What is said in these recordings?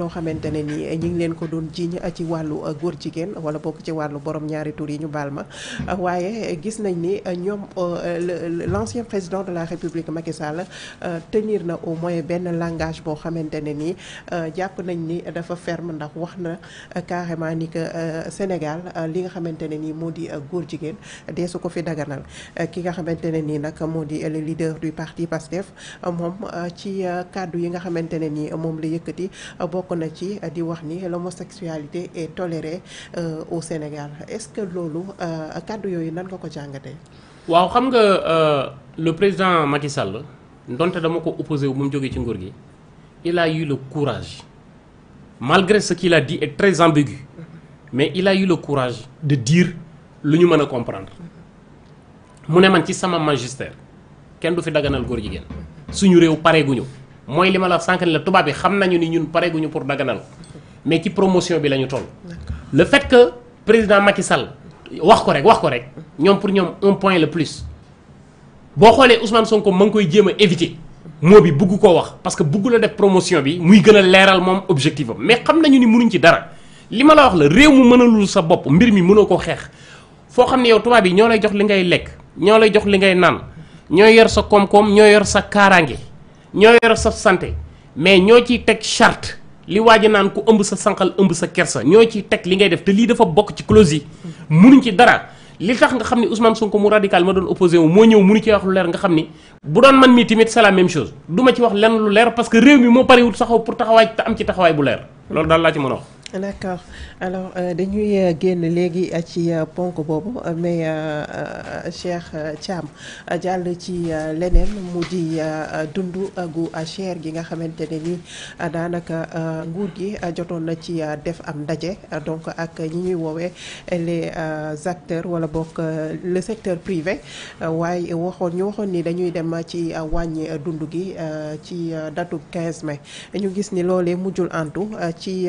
loo xamante ne nii ñi leen ko doon jiiñ ci wàllu góor jigéen wala bokk ci wàllu borom ñaari tur yi ñu baal ma waaye gis nañ ni ñoom euh, l'ancien président de la république Macky Sall euh, tenir na au moins benn langage boo xamante ne ni euh, jàpp nañ ni dafa ferme ndax wax na carrément ni que Sénégal li nga xamante ne ni moo di góor jigéen dee ko fi daganal ki nga xamante ne nii nag moo di le leader du parti PASTEF moom ci kàddu yi nga xamante ne ni moom la yëkkati di wax l'homosexualité est tolérée euh, au Sénégal est-ce que loolu euh, kàddu yooyu nan nga ko jangate? waaw xam nga euh, le président Macky Sall ndonte dama ko opposé wu mu ci ngor gi il a eu le courage malgré ce qu'il a dit est très ambigu mais il a eu le courage de dire lu ñu mëna comprendre mu ne man ci sama magistère kenn du fi daganal gor jigen. suñu réew guñu moy li ma la sànq ni la tubaab yi xam ni ñun paré guñu pour daganal mais ci promotion bi lañu toll. le fait que président Macky Sall wax ko rek wax ko rek ñom pour ñom un point le plus bo xolé Ousmane Sonko mang koy jema éviter mo bi bugg ko wax parce que bugg la def promotion bi muy gëna léral mom objectif mais xamnañu ni mënuñ ci dara li la wax la réew mu mënalul sa bop mbir mi mëno ko xex fo xam yow tubaab bi ñoo lay jox li ngay lekk ñoo lay jox li ngay nan ñoo yor sa koom-koom ñoo yor sa kaaraange. ñoo yor sa santé mais ñoo ciy teg charte li waaj naan ku ëmb sa sànqal ëmb sa kersa ñoo ci teg li ngay def te lii dafa bokk ci clause yi. munuñ ci dara li tax nga xam ni Ousmane Sonko mu radical ma doon opposé moo ñëw munu ci wax lu leer nga xam ni. bu doon man mii tamit c'est la même chose du ma ci wax lenn lu leer parce que réew mi moo pariwul saxaw pour taxawaay te am ci taxawaay bu leer loolu daal laa ci mën a d'accord alors dañuy génn ci mais Cheikh ci euh, leneen nous vu euh, euh, cher gi nga ni gi na ci def am donc ak ñuy les acteurs wala le secteur privé Nous waxone ñu waxone ni dañuy dem ci dundu gi ci 15 mai ñu gis ni l'olé ci.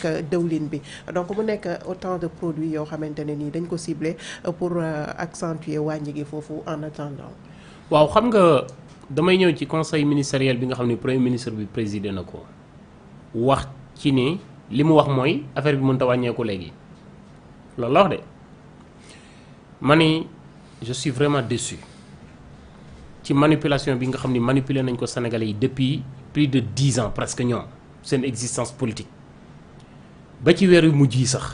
ak dëwlin bi donc mu nekk autant de produits yo xamante ne dañ ko cibler pour euh, accentuer wàññi gi fofu en attendant. waaw xam nga damay ñëw ci conseil ministériel bi nga xamni premier ministre bi président nako wax ci ni limu wax moy affaire bi mënut a wàññeeku ko loolu lool wax de mani je suis vraiment déçu ci manipulation bi nga xamni manipuler nañ ko Sénégalais depuis plus de dix ans presque ñom une existence politique. ba ci weer yu mujj yi sax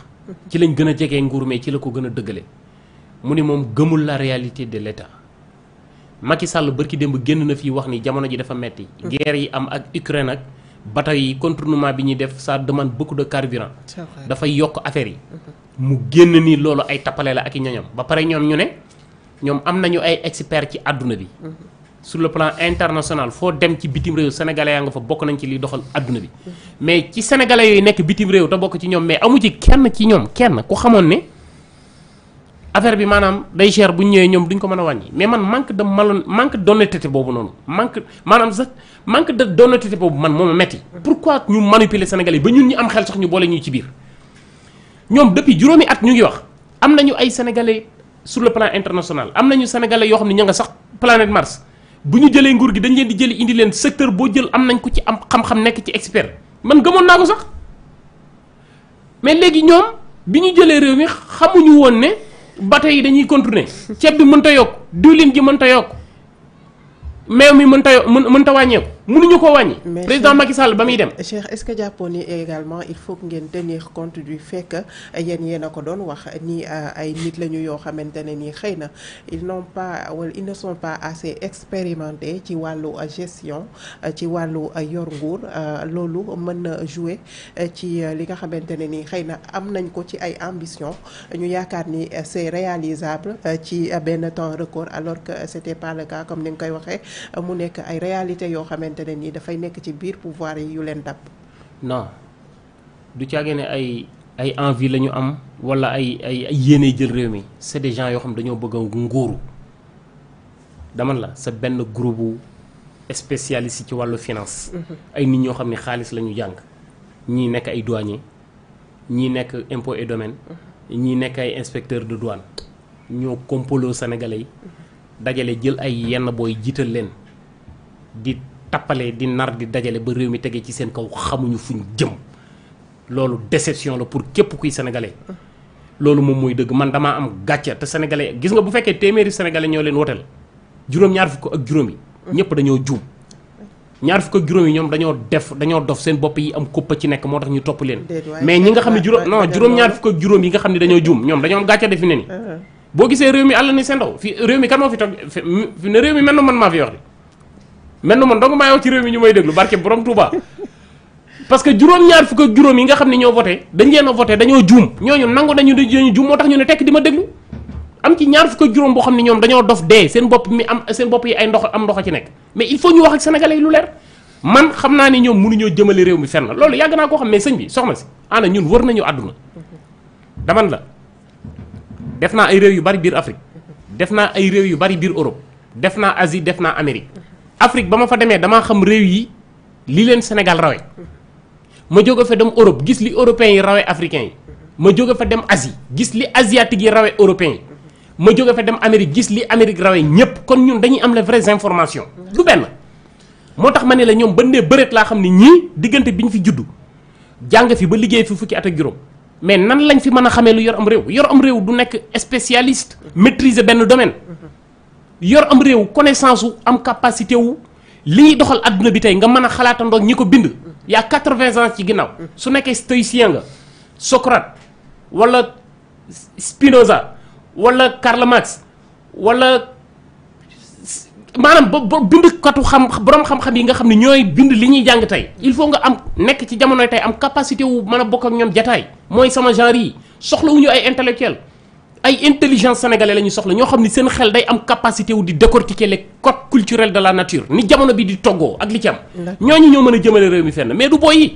ci lañ gën a jegee nguur mais ci la ko gën a dëggale mu ni moom gëmul la réalité de l' état Macky Sall bërki démb génn na fii wax ni jamono ji dafa metti guerre yi am ak Ukraine ak bataille yi contournement bi ñuy def ça demande beaucoup de carburant dafay yokk affaire yi mu génn ni loolu ay tappale la ak i ñoñom ba pare ñoom ñu ne ñoom am nañu ay expert ci àdduna bi sur le plan international foo dem ci bitim réew sénégalais yaa nga fa bok nañ ci li doxal aduna bi mais ci sénégalais yoy nek bitim réew ta bok ci ñom mais amu ci kenn ci ñom kenn ku xamone ne affaire bi manam day cher bu ñëwee ñom duñ ko mëna wañi mais man manque de malon manque d'honnêteté bobu non manque manam sax manque de d'honnêteté bobu man moma metti pourquoi ñu manipuler sénégalais ba ñun ñi am xel sax ñu bolé ñu ci biir ñom depuis juróomi at ñu ngi wax am nañu ay sénégalais sur le plan international am nañu sénégalais yo xamni ne sax planète Mars bu ñu jëlee nguur gi dañu leen di jëli indi leen secteur boo jël am nañ ko ci am xam-xam nekk ci expert man gëmoon naa ko sax mais léegi ñoom bi ñu jëlee réew mi xamuñu woon ne bateau yi dañuy contourner ceeb bi mënta yokk diwlin gi mënta yokk meew mi mënta yokk mënta wàññeeku. mënuñu ko wàññi. président Macky Sall ba muy dem. Cheikh est-ce que jàppoon ni également il faut que ngeen tenir compte du fait que yéen yéen a ko doon wax ni euh, ay nit lañu yoo xamante ne nii xëy na ils n'ont pas wala ils ne sont pas assez expérimentés ci wàllu euh, gestion euh, ci wàllu yor nguur loolu mën na jouer ci li nga xamante ne nii xëy na am nañ ko ci ay ambition ñu yaakaar ni c'est réalisable ci benn temps record alors que c'était pas le cas comme ni nga koy waxee mu nekk ay réalité yoo xamante xamante ne dafay nekk ci biir pouvoir yi yu leen dab. non du caage ne ay ay envie la ñu am wala ay ay ay yéene jël réew mi c'est des gens yoo xam dañoo bëgg a nguuru dama la sa benn groupe spécialiste ci wàllu finance. Mm-hmm. ay nit ñoo xam ne xaalis la ñu jàng ñii nekk ay douanier ñii nekk impôt et domaine mm-hmm. ñii nekk ay inspecteur de douane ñoo kompaloo sénégalais yi mm-hmm. dajale jël ay yenn booy jiital leen di tappalee di nar di dajale ba réew mi tegee ci seen kaw xamuñu fu ñu jëm loolu déception la pour képp kuy sénégalais loolu moom mooy dëgg man damaa am gàcce te sénégalais gis nga bu fekkee téeméeri sénégalais ñoo leen woteel juróom-ñaar fukk ak juróom yi ñëpp dañoo juum ñaar fukk ak juróom yi ñoom dañoo def dañoo dof seen bopp yi am koppa ci nekk moo tax ñu topp leen mais ñi nga xam ne juróom non juróom-ñaar fukk ak juróom yi nga xam ne dañoo juum ñoom dañoo am gàcce defi ne ni ah. boo gisee réew seen ndaw fi réew mi kan moo fi toog ne réew mi mel na man maa fi mel man dong ma yow ci réew mi ñu may deglu barke borom Touba parce que juróom ñaar fuk ak juróom yi nga xamni ne ñoo voté dañ leen a voté dañoo juum ñooñu nangu nañu dañu juum moo ñu ne tek di ma deglu. am ci ñaar fuk ak juróom bo xamni ne ñoom dañoo dof dé seen bop mi am seen bop yi ay ndox am ndox ci nek mais il faut ñu wax ak sénégalais lu leer man xamna ni ñoom mënuñoo jëmale réew mi fenn loolu yag na ko xam mais sëñ bi soxna si ana ñun wër nañu àdduna daman la def naa ay rew yu bari biir afrique def ay rew yu bari biir europe def naa asie def naa amérique Afrique ba ma fa demee damaa xam réew yi li leen Sénégal rawe ma jóge fa dem Europe gis li européens yi rawe africains yi ma jóge fa dem Asie gis li asiatique yi rawe européens yi ma jóge fa dem Amérique gis li Amérique rawe ñëpp kon ñun dañuy am les vraies informations du benn moo tax ma ne la ñoom ba nee bëreet laa xam ne ñii diggante bi ñu fi juddu jàng fi ba liggéey fi fukki at ak juróom mais nan lañ fi mën a xamee lu yor am réew yor am réew du nekk spécialiste maîtriser benn domaine yor am réew connaissance ou am capacité wu li ñuy doxal aduna bi tay nga mën a xalaatandoo ñi bind. ya 80 ans ci ginnaw su nekkee stoïcien nga Socrate wala Spinoza wala Karl Marx wala Manam bind katu xam borom xam-xam yi nga xamni ñoy bind li ñuy jang tay il faut nga am nek ci jamono tay. am capacité wu mën a bokk ak ñoom jataay mooy sama genre yi soxlawuñu ay intellectuel ay intelligence sénégalais lañu soxla ñoo xam ni seen xel day am capacité wu di décortiquer les codes culturels de la nature ni jamono bi di Togo, ak li ci am. ñooñu ñoo mën a jëmale réew mi fenn mais du booy